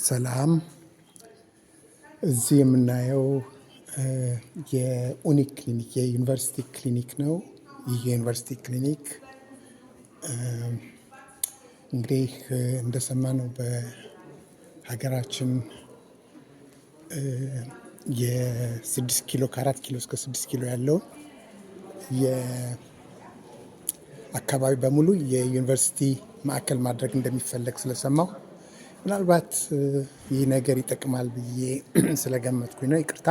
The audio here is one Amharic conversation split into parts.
ሰላም እዚህ የምናየው የኡኒክ ክሊኒክ የዩኒቨርሲቲ ክሊኒክ ነው። ይህ የዩኒቨርሲቲ ክሊኒክ እንግዲህ እንደሰማነው በሀገራችን የስድስት ኪሎ ከአራት ኪሎ እስከ ስድስት ኪሎ ያለው አካባቢ በሙሉ የዩኒቨርሲቲ ማዕከል ማድረግ እንደሚፈለግ ስለሰማው ምናልባት ይህ ነገር ይጠቅማል ብዬ ስለገመትኩኝ ነው። ይቅርታ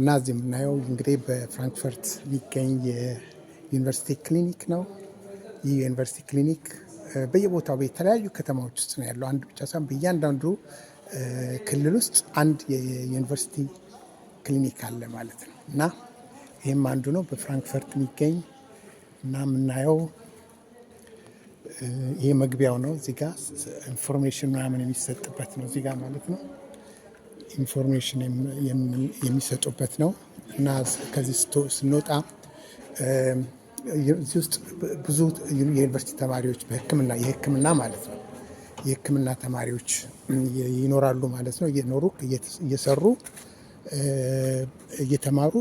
እና እዚህ የምናየው እንግዲህ በፍራንክፈርት የሚገኝ የዩኒቨርሲቲ ክሊኒክ ነው። ይህ ዩኒቨርሲቲ ክሊኒክ በየቦታው የተለያዩ ከተማዎች ውስጥ ነው ያለው። አንድ ብቻ ሳይሆን በእያንዳንዱ ክልል ውስጥ አንድ የዩኒቨርሲቲ ክሊኒክ አለ ማለት ነው እና ይህም አንዱ ነው በፍራንክፈርት የሚገኝ እና የምናየው ይሄ መግቢያው ነው። እዚህ ጋ ኢንፎርሜሽን ምናምን የሚሰጥበት ነው። እዚህ ጋ ማለት ነው ኢንፎርሜሽን የሚሰጡበት ነው እና ከዚህ ስንወጣ እዚህ ውስጥ ብዙ የዩኒቨርሲቲ ተማሪዎች በሕክምና የሕክምና ማለት ነው የሕክምና ተማሪዎች ይኖራሉ ማለት ነው። እየኖሩ እየሰሩ እየተማሩ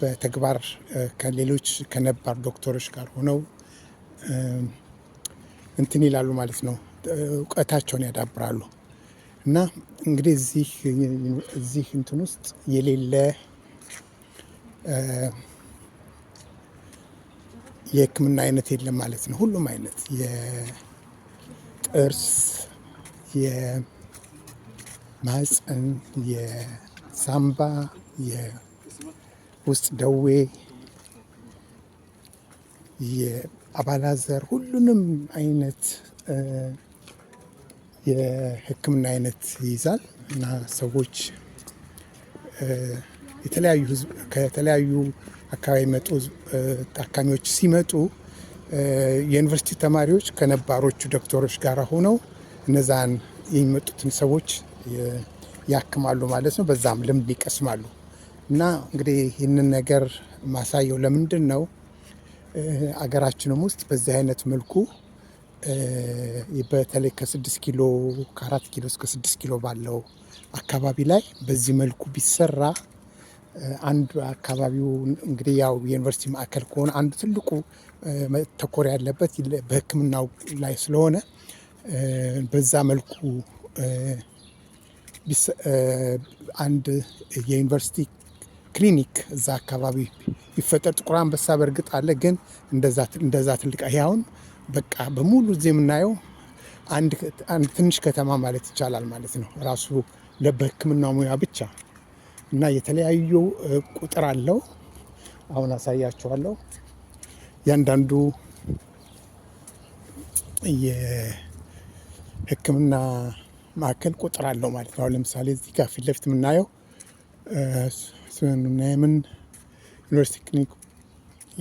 በተግባር ከሌሎች ከነባር ዶክተሮች ጋር ሆነው እንትን ይላሉ ማለት ነው። እውቀታቸውን ያዳብራሉ እና እንግዲህ እዚህ እንትን ውስጥ የሌለ የሕክምና አይነት የለም ማለት ነው። ሁሉም አይነት የጥርስ፣ የማህፀን፣ የሳምባ፣ የውስጥ ደዌ አባላዘር ሁሉንም አይነት የሕክምና አይነት ይይዛል እና ሰዎች የተለያዩ ከተለያዩ አካባቢ መጡ ታካሚዎች ሲመጡ የዩኒቨርሲቲ ተማሪዎች ከነባሮቹ ዶክተሮች ጋር ሆነው እነዛን የሚመጡትን ሰዎች ያክማሉ ማለት ነው። በዛም ልምድ ይቀስማሉ እና እንግዲህ ይህንን ነገር ማሳየው ለምንድን ነው አገራችንም ውስጥ በዚህ አይነት መልኩ በተለይ ከስድስት ኪሎ ከአራት ኪሎ እስከ ስድስት ኪሎ ባለው አካባቢ ላይ በዚህ መልኩ ቢሰራ አንዱ አካባቢው እንግዲህ ያው የዩኒቨርሲቲ ማዕከል ከሆነ አንዱ ትልቁ መተኮር ያለበት በሕክምናው ላይ ስለሆነ በዛ መልኩ አንድ የዩኒቨርሲቲ ክሊኒክ እዛ አካባቢ ይፈጠር ጥቁር አንበሳ በእርግጥ አለ፣ ግን እንደዛ ትልቅ አሁን በቃ በሙሉ እዚህ የምናየው አንድ ትንሽ ከተማ ማለት ይቻላል ማለት ነው። ራሱ በሕክምና ሙያ ብቻ እና የተለያዩ ቁጥር አለው። አሁን አሳያችኋለሁ። እያንዳንዱ የሕክምና ማዕከል ቁጥር አለው ማለት ነው። አሁን ለምሳሌ እዚህ ጋር ፊት ለፊት የምናየው ምን ዩኒቨርሲቲ ክሊኒክ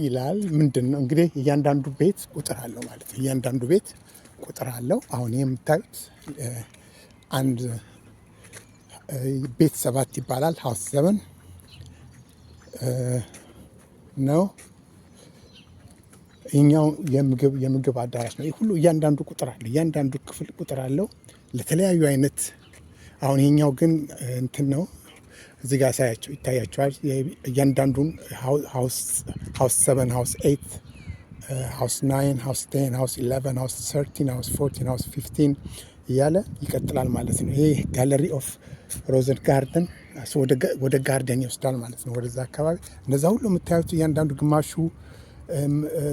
ይላል። ምንድን ነው እንግዲህ እያንዳንዱ ቤት ቁጥር አለው ማለት ነው። እያንዳንዱ ቤት ቁጥር አለው። አሁን የምታዩት አንድ ቤት ሰባት ይባላል። ሀውስ ዘመን ነው። እኛው የምግብ የምግብ አዳራሽ ነው። ሁሉ እያንዳንዱ ቁጥር አለው። እያንዳንዱ ክፍል ቁጥር አለው ለተለያዩ አይነት አሁን ይህኛው ግን እንትን ነው እዚህ ጋር ሳያቸው ይታያቸዋል። እያንዳንዱን ሀውስ ሰቨን፣ ሀውስ ኤይት፣ ሀውስ ናይን፣ ሀውስ ቴን፣ ሀውስ ኢለቨን፣ ሀውስ ተርቲን፣ ሀውስ ፎርቲን፣ ሀውስ ፊፍቲን እያለ ይቀጥላል ማለት ነው። ይሄ ጋለሪ ኦፍ ሮዘን ጋርደን ወደ ጋርደን ይወስዳል ማለት ነው። ወደዛ አካባቢ እነዛ ሁሉ የምታዩት እያንዳንዱ ግማሹ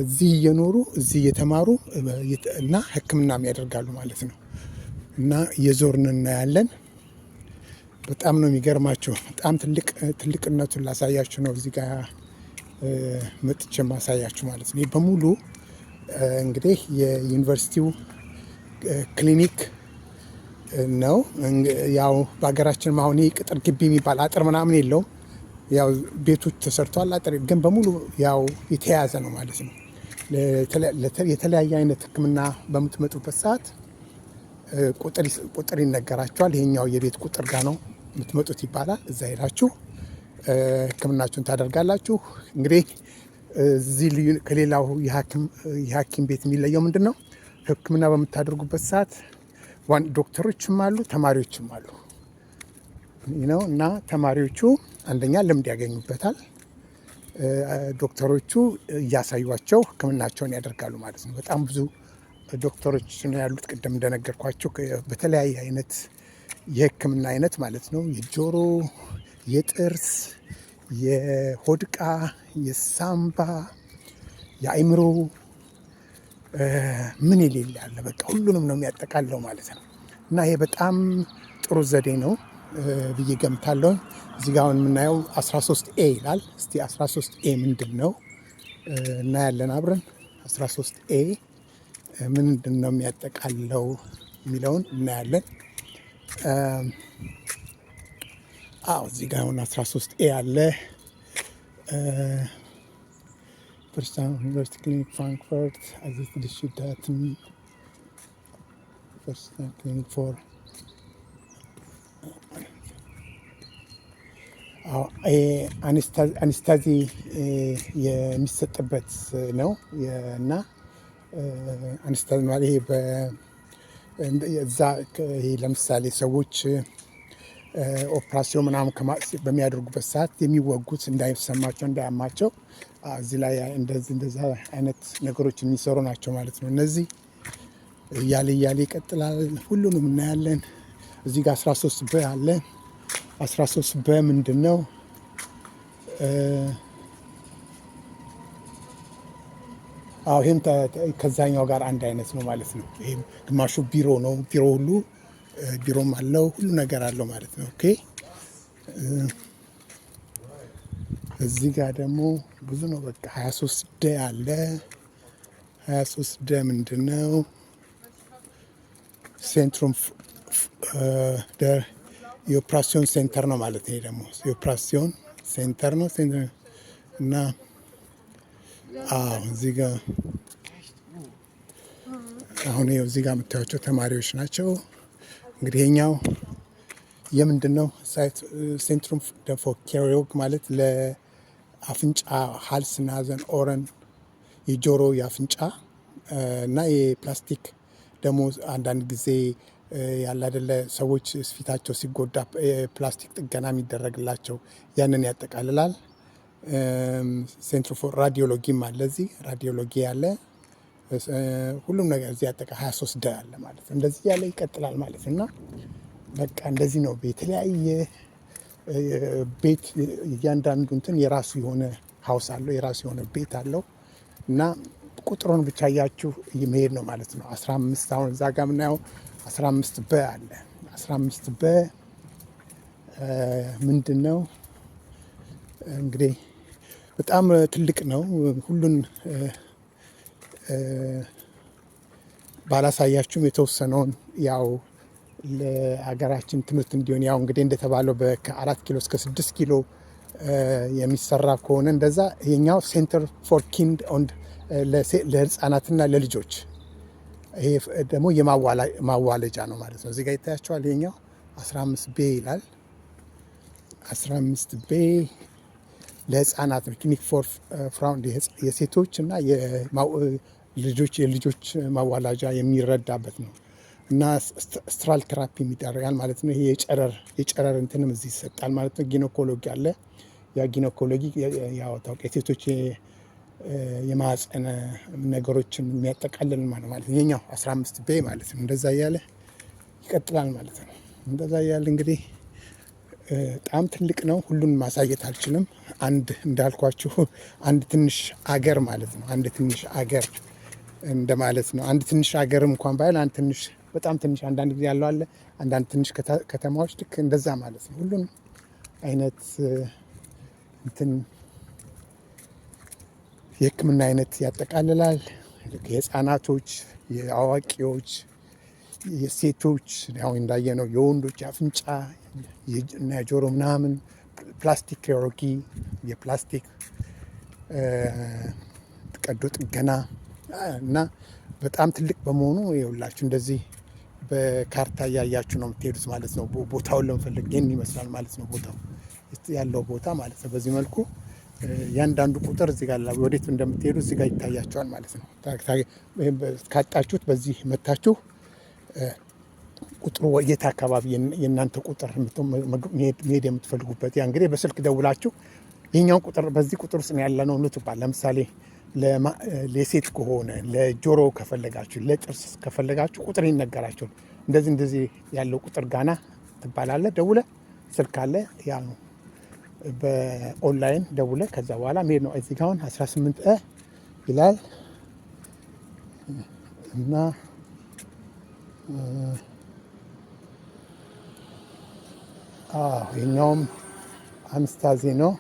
እዚህ እየኖሩ እዚህ እየተማሩ እና ሕክምናም ያደርጋሉ ማለት ነው። እና የዞርን እናያለን። በጣም ነው የሚገርማችሁ። በጣም ትልቅነቱን ላሳያችሁ ነው እዚህ ጋር መጥቼ ማሳያችሁ ማለት ነው። በሙሉ እንግዲህ የዩኒቨርሲቲው ክሊኒክ ነው። ያው በሀገራችንም አሁን ቅጥር ግቢ የሚባል አጥር ምናምን የለውም። ያው ቤቶች ተሰርተዋል። አጥር ግን በሙሉ ያው የተያያዘ ነው ማለት ነው። የተለያየ አይነት ሕክምና በምትመጡበት ሰዓት ቁጥር ይነገራቸዋል። ይሄኛው የቤት ቁጥር ጋ ነው የምትመጡት ይባላል። እዛ ሄዳችሁ ህክምናችሁን ታደርጋላችሁ። እንግዲህ እዚህ ከሌላው የሐኪም ቤት የሚለየው ምንድን ነው? ህክምና በምታደርጉበት ሰዓት ዶክተሮችም አሉ፣ ተማሪዎችም አሉ ነው እና ተማሪዎቹ አንደኛ ልምድ ያገኙበታል። ዶክተሮቹ እያሳዩቸው ህክምናቸውን ያደርጋሉ ማለት ነው። በጣም ብዙ ዶክተሮች ነው ያሉት። ቅድም እንደነገርኳቸው በተለያየ አይነት የህክምና አይነት ማለት ነው። የጆሮ፣ የጥርስ፣ የሆድቃ፣ የሳምባ፣ የአይምሮ ምን የሌለ ያለ በቃ ሁሉንም ነው የሚያጠቃለው ማለት ነው። እና ይሄ በጣም ጥሩ ዘዴ ነው ብዬ ገምታለሁ። እዚህ ጋ አሁን የምናየው 13 ኤ ይላል። እስቲ 13 ኤ ምንድን ነው እናያለን አብረን 13 ኤ ምንድን ነው የሚያጠቃለው የሚለውን እናያለን። አዎ እዚህ ጋር አሁን 13 ኤ አለ ፕሮቴስታንት ዩኒቨርሲቲ ክሊኒክ ፍራንክፈርት አዚት ድሽዳትም ፕሮቴስታንት ክሊኒክ ፎር አንስታዚ የሚሰጥበት ነው እና አንስታዚ ማለት ይሄ እዛ ለምሳሌ ሰዎች ኦፕራሲዮን ምናምን በሚያደርጉበት ሰዓት የሚወጉት እንዳይሰማቸው እንዳያማቸው እዚህ ላይ እንደዚህ እንደዛ አይነት ነገሮች የሚሰሩ ናቸው ማለት ነው። እነዚህ እያለ እያለ ይቀጥላል። ሁሉንም እናያለን። እዚህ ጋር 13 በ አለ። 13 በ ምንድን ነው? ይህም ከዛኛው ጋር አንድ አይነት ነው ማለት ነው። ይህም ግማሹ ቢሮ ነው። ቢሮ ሁሉ ቢሮም አለው ሁሉ ነገር አለው ማለት ነው። ኦኬ እዚህ ጋር ደግሞ ብዙ ነው። በቃ 23 ደ አለ 23 ደ ምንድን ነው? ሴንትሩም የኦፕራሲዮን ሴንተር ነው ማለት ነው። ደግሞ የኦፕራሲዮን ሴንተር ነው እና አዎ እዚህ ጋር አሁን ይኸው እዚህ ጋር የምታዩቸው ተማሪዎች ናቸው። እንግዲህ ይሄኛው የምንድን ነው ሴንትሩም ፎኬሪዮግ ማለት ለአፍንጫ ሀልስና ሀዘን ኦረን የጆሮ የአፍንጫ እና የፕላስቲክ ደግሞ አንዳንድ ጊዜ ያለ አይደለ ሰዎች ፊታቸው ሲጎዳ ፕላስቲክ ጥገና የሚደረግላቸው ያንን ያጠቃልላል። ሴንትሮ ፎር ራዲዮሎጂም አለ እዚህ ራዲዮሎጂ ሁሉም ነገር እዚህ አጠቃ 23 ደ አለ ማለት ነው። እንደዚህ ያለ ይቀጥላል ማለት እና በቃ እንደዚህ ነው። የተለያየ ቤት እያንዳንዱ እንትን የራሱ የሆነ ሀውስ አለው የራሱ የሆነ ቤት አለው እና ቁጥሩን ብቻ እያችሁ መሄድ ነው ማለት ነው። 15 አሁን እዛ ጋ ምናየው 15 በ አለ 15 በ ምንድን ነው? እንግዲህ በጣም ትልቅ ነው። ሁሉን ባላሳያችሁም የተወሰነውን ያው ለሀገራችን ትምህርት እንዲሆን ያው እንግዲህ እንደተባለው ከአራት ኪሎ እስከ ስድስት ኪሎ የሚሰራ ከሆነ እንደዛ ይሄኛው ሴንተር ፎር ኪንድ ኦንድ ለህፃናትና ለልጆች ይሄ ደግሞ የማዋለጃ ነው ማለት ነው። እዚጋ ይታያቸዋል። ይሄኛው 15 ቤ ይላል 15 ቤ ለህፃናት ነው። ክሊኒክ ፎር ፍራውንድ የሴቶች እና ልጆች የልጆች ማዋላጃ የሚረዳበት ነው እና ስትራል ቴራፒ የሚደረጋል ማለት ነው። ይሄ የጨረር የጨረር እንትንም እዚህ ይሰጣል ማለት ነው። ጊኖኮሎጊ አለ። ያ ጊኖኮሎጊ ያው ታውቂያ የሴቶች የማፀነ ነገሮችን የሚያጠቃልል ማለት ነው። የኛው 15 ቤ ማለት ነው። እንደዛ እያለ ይቀጥላል ማለት ነው። እንደዛ እያለ እንግዲህ በጣም ትልቅ ነው። ሁሉን ማሳየት አልችልም። አንድ እንዳልኳችሁ አንድ ትንሽ አገር ማለት ነው። አንድ ትንሽ አገር እንደማለት ነው። አንድ ትንሽ አገር እንኳን ባይል አንድ ትንሽ በጣም ትንሽ አንዳንድ ጊዜ ያለው አለ። አንዳንድ ትንሽ ከተማዎች ልክ እንደዛ ማለት ነው። ሁሉን አይነት እንትን የሕክምና አይነት ያጠቃልላል። የህፃናቶች፣ የአዋቂዎች የሴቶች ያው ነው የወንዶች አፍንጫ እና ጆሮ ምናምን ፕላስቲክ ኪሮጊ የፕላስቲክ ቀዶ ጥገና እና በጣም ትልቅ በመሆኑ የሁላችሁ እንደዚህ በካርታ እያያችሁ ነው የምትሄዱት ማለት ነው። ቦታውን ለመፈለግ ይህን ይመስላል ማለት ነው። ቦታው ያለው ቦታ ማለት ነው። በዚህ መልኩ እያንዳንዱ ቁጥር እዚህ ጋ ወዴት እንደምትሄዱ እዚህ ጋ ይታያቸዋል ማለት ነው። ካጣችሁት በዚህ መታችሁ ቁጥሩ የት አካባቢ የእናንተ ቁጥር መሄድ የምትፈልጉበት ያ እንግዲህ በስልክ ደውላችሁ የኛውን ቁጥር በዚህ ቁጥር ውስጥ ያለ ነው ኑ ለምሳሌ ለሴት ከሆነ ለጆሮ ከፈለጋችሁ፣ ለጥርስ ከፈለጋችሁ ቁጥር ይነገራችሁ። እንደዚህ እንደዚህ ያለው ቁጥር ጋና ትባላለ። ደውለ ስልክ አለ ያ ነው በኦንላይን ደውለ ከዛ በኋላ መሄድ ነው። እዚህ 18 ይላል እና ይኛውም አንስታዚ ነው።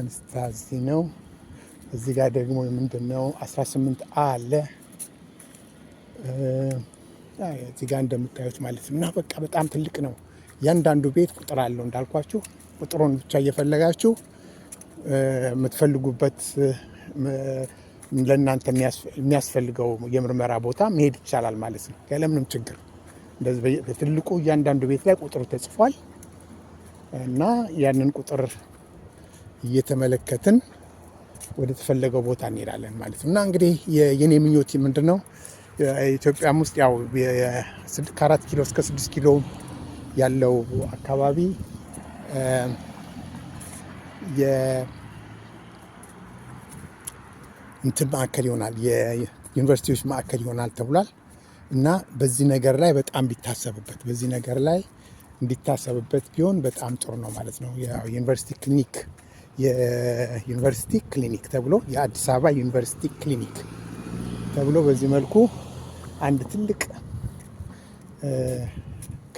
አንስታዚ ነው። እዚህ ጋር ደግሞ ምንድነው 18 18 አለ እዚህ ጋር እንደምታዩት ማለት ነው። እና በቃ በጣም ትልቅ ነው። እያንዳንዱ ቤት ቁጥር አለው እንዳልኳችሁ። ቁጥሩን ብቻ እየፈለጋችሁ የምትፈልጉበት ለእናንተ የሚያስፈልገው የምርመራ ቦታ መሄድ ይቻላል ማለት ነው፣ ያለምንም ችግር። በትልቁ እያንዳንዱ ቤት ላይ ቁጥሩ ተጽፏል እና ያንን ቁጥር እየተመለከትን ወደ ተፈለገው ቦታ እንሄዳለን ማለት ነው። እና እንግዲህ የኔ ምኞት ምንድን ነው? ኢትዮጵያም ውስጥ ያው ከአራት ኪሎ እስከ ስድስት ኪሎ ያለው አካባቢ እንትን ማዕከል ይሆናል፣ የዩኒቨርሲቲዎች ማዕከል ይሆናል ተብሏል እና በዚህ ነገር ላይ በጣም ቢታሰብበት በዚህ ነገር ላይ እንዲታሰብበት ቢሆን በጣም ጥሩ ነው ማለት ነው። ዩኒቨርሲቲ ክሊኒክ የዩኒቨርሲቲ ክሊኒክ ተብሎ የአዲስ አበባ ዩኒቨርሲቲ ክሊኒክ ተብሎ በዚህ መልኩ አንድ ትልቅ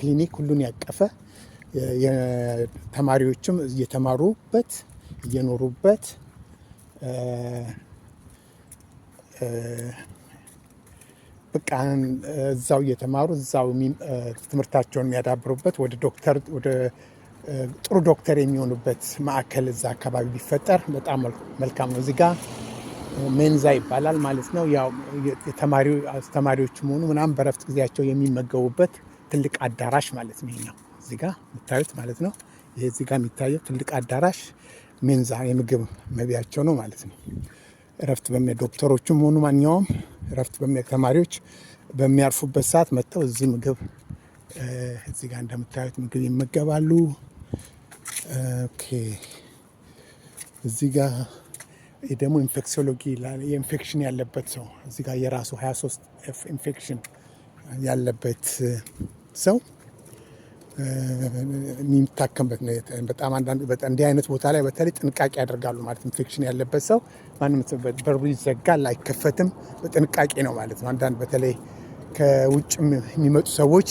ክሊኒክ ሁሉን ያቀፈ ተማሪዎችም እየተማሩበት እየኖሩበት በቃ እዛው እየተማሩ እዛው ትምህርታቸውን የሚያዳብሩበት ወደ ዶክተር ወደ ጥሩ ዶክተር የሚሆኑበት ማዕከል እዛ አካባቢ ቢፈጠር በጣም መልካም ነው። እዚጋ ሜንዛ ይባላል ማለት ነው። ያው አስተማሪዎችም ሆኑ ምናምን በረፍት ጊዜያቸው የሚመገቡበት ትልቅ አዳራሽ ማለት ነው ነው እዚጋ የምታዩት ማለት ነው። ይሄ እዚጋ የሚታየው ትልቅ አዳራሽ ሜንዛ የምግብ መቢያቸው ነው ማለት ነው። እረፍት በሚ ዶክተሮችም ሆኑ ማንኛውም እረፍት ተማሪዎች በሚያርፉበት ሰዓት መጥተው እዚህ ምግብ እዚህ ጋር እንደምታዩት ምግብ ይመገባሉ። እዚ እዚህ ጋር ደግሞ ኢንፌክሲዮሎጂ የኢንፌክሽን ያለበት ሰው እዚህ ጋር የራሱ 23 ኤፍ ኢንፌክሽን ያለበት ሰው የሚታከምበት በጣም እንዲህ አይነት ቦታ ላይ በተለይ ጥንቃቄ ያደርጋሉ ማለት ኢንፌክሽን ያለበት ሰው ማንም በሩ ይዘጋል፣ አይከፈትም። በጥንቃቄ ነው ማለት ነው። አንዳንድ በተለይ ከውጭ የሚመጡ ሰዎች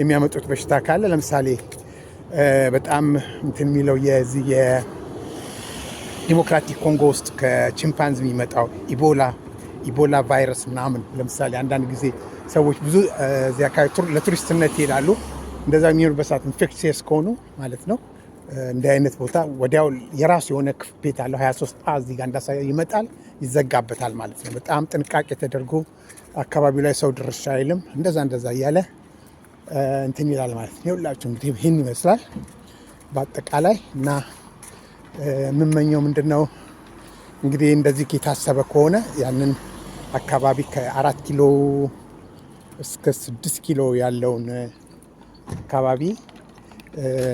የሚያመጡት በሽታ ካለ ለምሳሌ በጣም እንትን የሚለው የዚህ የዲሞክራቲክ ኮንጎ ውስጥ ከቺምፓንዝ የሚመጣው ኢቦላ ኢቦላ ቫይረስ ምናምን ለምሳሌ አንዳንድ ጊዜ ሰዎች ብዙ እዚህ አካባቢ ለቱሪስትነት ይሄዳሉ። እንደዛ የሚኖሩበት ሰዓት ኢንፌክሲየስ ከሆኑ ማለት ነው እንዲህ አይነት ቦታ ወዲያው የራሱ የሆነ ክፍት ቤት ያለው 23 አ እዚህ ጋር እንዳሳ ይመጣል፣ ይዘጋበታል ማለት ነው። በጣም ጥንቃቄ ተደርጎ አካባቢው ላይ ሰው ድርሻ አይልም። እንደዛ እንደዛ እያለ እንትን ይላል ማለት ነው። ሁላችሁ እንግዲህ ይህን ይመስላል በአጠቃላይ እና የምመኘው ምንድን ነው እንግዲህ እንደዚህ የታሰበ ከሆነ ያንን አካባቢ ከአራት ኪሎ እስከ ስድስት ኪሎ ያለውን አካባቢ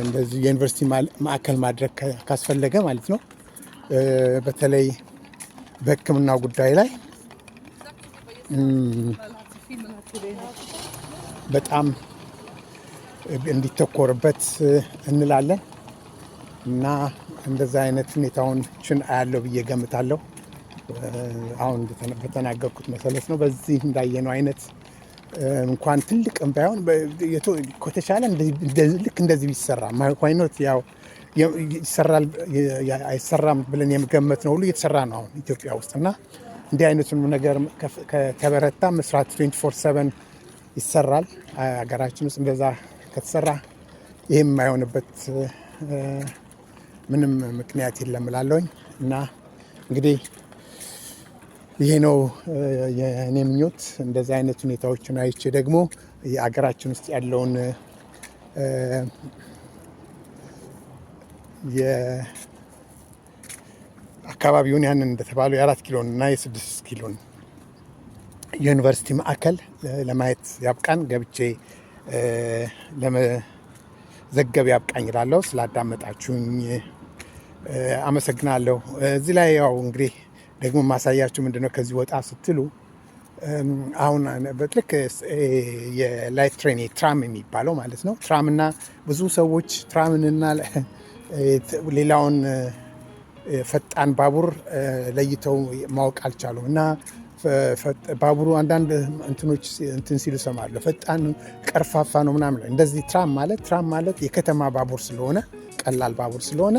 እንደዚህ የዩኒቨርሲቲ ማዕከል ማድረግ ካስፈለገ ማለት ነው። በተለይ በሕክምና ጉዳይ ላይ በጣም እንዲተኮርበት እንላለን እና እንደዛ አይነት ሁኔታውን ችን አያለው ብዬ ገምታለሁ። አሁን በተናገርኩት መሰለት ነው። በዚህ እንዳየነው አይነት እንኳን ትልቅም ባይሆን ከተቻለ ልክ እንደዚህ ቢሰራ ማይኖት ያው ይሰራል አይሰራም ብለን የምገመት ነው ሁሉ እየተሰራ ነው አሁን ኢትዮጵያ ውስጥ እና እንዲህ አይነቱ ነገር ከተበረታ መስራት 24/7 ይሰራል። ሀገራችን ውስጥ እንደዛ ከተሰራ ይህም የማይሆንበት ምንም ምክንያት የለም እላለሁኝ እና እንግዲህ ይሄ ነው የእኔ ምኞት። እንደዚህ አይነት ሁኔታዎችን አይቼ ደግሞ የአገራችን ውስጥ ያለውን የአካባቢውን ያንን እንደተባለው የአራት ኪሎን እና የስድስት ኪሎን የዩኒቨርሲቲ ማዕከል ለማየት ያብቃን። ገብቼ ለመዘገብ ያብቃኝ እላለሁ። ስላዳመጣችሁኝ አመሰግናለሁ። እዚህ ላይ ያው እንግዲህ ደግሞ ማሳያችሁ ምንድነው ከዚህ ወጣ ስትሉ አሁን በትልክ የላይፍ ትሬን ትራም የሚባለው ማለት ነው። ትራምና ብዙ ሰዎች ትራምንና ሌላውን ፈጣን ባቡር ለይተው ማወቅ አልቻሉም እና ባቡሩ አንዳንድ እንትኖች እንትን ሲሉ ሰማለ ፈጣን ቀርፋፋ ነው ምናምን። እንደዚህ ትራም ማለት ትራም ማለት የከተማ ባቡር ስለሆነ ቀላል ባቡር ስለሆነ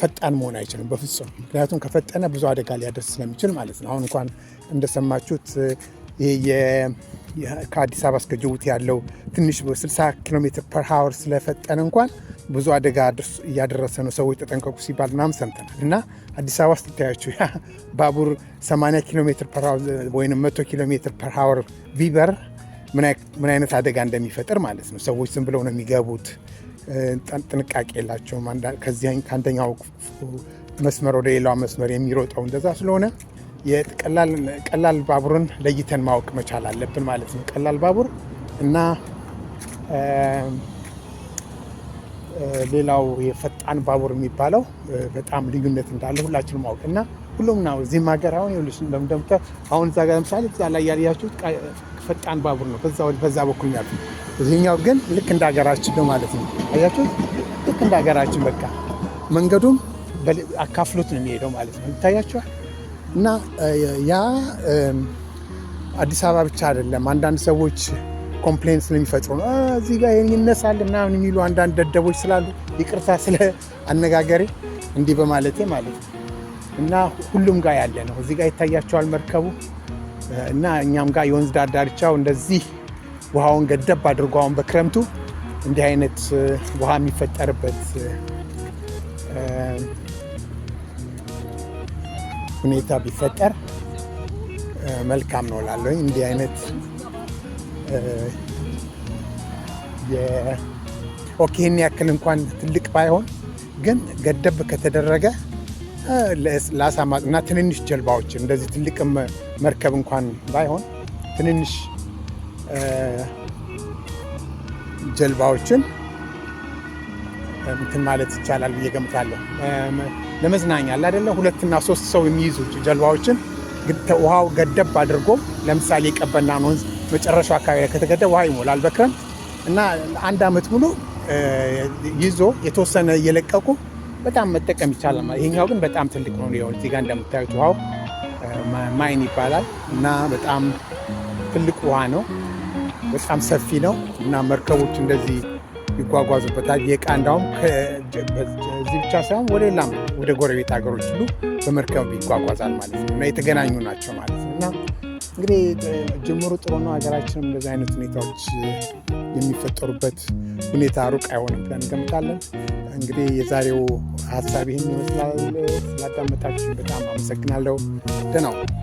ፈጣን መሆን አይችልም በፍጹም። ምክንያቱም ከፈጠነ ብዙ አደጋ ሊያደርስ ስለሚችል ማለት ነው። አሁን እንኳን እንደሰማችሁት ከአዲስ አበባ እስከ ጅቡቲ ያለው ትንሽ 60 ኪሎ ሜትር ፐር ሀወር ስለፈጠነ እንኳን ብዙ አደጋ እያደረሰ ነው፣ ሰዎች ተጠንቀቁ ሲባል ምናምን ሰምተናል። እና አዲስ አበባ ስትታያችሁ ባቡር 80 ኪሎ ሜትር ፐር ሀወር ወይም 100 ኪሎ ሜትር ፐር ሀወር ቢበር ምን አይነት አደጋ እንደሚፈጥር ማለት ነው። ሰዎች ዝም ብለው ነው የሚገቡት። ጥንቃቄ የላቸውም። ከዚህ ከአንደኛው መስመር ወደ ሌላው መስመር የሚሮጠው እንደዛ ስለሆነ ቀላል ባቡርን ለይተን ማወቅ መቻል አለብን ማለት ነው። ቀላል ባቡር እና ሌላው የፈጣን ባቡር የሚባለው በጣም ልዩነት እንዳለ ሁላችን ማወቅ እና ሁሉም ነው። እዚህም ሀገር አሁን ይኸውልሽ እንደምታውቀው አሁን እዛ ጋር ለምሳሌ እዛ ላይ ያያችሁት ፈጣን ባቡር ነው። በዛ በኩል ያሉ እዚህኛው ግን ልክ እንደ ሀገራችን ነው ማለት ነው። አያችሁ፣ ልክ እንደ ሀገራችን በቃ መንገዱም አካፍሎት ነው የሚሄደው ማለት ነው። ይታያችኋል። እና ያ አዲስ አበባ ብቻ አይደለም። አንዳንድ ሰዎች ኮምፕሌን ስለሚፈጥሩ ነው እዚህ ጋር ይነሳል ምናምን የሚሉ አንዳንድ ደደቦች ስላሉ ይቅርታ ስለ አነጋገሬ እንዲህ በማለቴ ማለት ነው። እና ሁሉም ጋር ያለ ነው። እዚህ ጋር ይታያቸዋል መርከቡ እና እኛም ጋር የወንዝ ዳር ዳርቻው እንደዚህ ውሃውን ገደብ አድርጎ አሁን በክረምቱ እንዲህ አይነት ውሃ የሚፈጠርበት ሁኔታ ቢፈጠር መልካም ነው ላለኝ እንዲህ አይነት ኦኬን ያክል እንኳን ትልቅ ባይሆን ግን ገደብ ከተደረገ ለአሳ እና ትንንሽ ጀልባዎች እንደዚህ ትልቅ መርከብ እንኳን ባይሆን ትንንሽ ጀልባዎችን እንትን ማለት ይቻላል ብዬ ገምታለሁ። ለመዝናኛ አለ አይደለ? ሁለትና ሶስት ሰው የሚይዙ ጀልባዎችን ውሃው ገደብ አድርጎ ለምሳሌ የቀበና ወንዝ መጨረሻው አካባቢ ከተገደብ ውሃ ይሞላል በክረምት እና አንድ አመት ሙሉ ይዞ የተወሰነ እየለቀቁ በጣም መጠቀም ይቻላል። ይሄኛው ግን በጣም ትልቅ ነው ሆን እዚህ እንደምታዩት ውሃው ማይን ይባላል እና በጣም ትልቅ ውሃ ነው። በጣም ሰፊ ነው እና መርከቦች እንደዚህ ይጓጓዙበታል። የዕቃ እንዳውም እዚህ ብቻ ሳይሆን ወደ ሌላም ወደ ጎረቤት ሀገሮች ሁሉ በመርከብ ይጓጓዛል ማለት ነው እና የተገናኙ ናቸው ማለት ነው እና እንግዲህ ጅምሩ ጥሩ ነው። ሀገራችንም እንደዚህ አይነት ሁኔታዎች የሚፈጠሩበት ሁኔታ ሩቅ አይሆንም ብለን እንገምታለን። እንግዲህ የዛሬው ሀሳብ ይህን ይመስላል። ስላዳመጣችሁ በጣም አመሰግናለሁ። ደህና ዋሉ።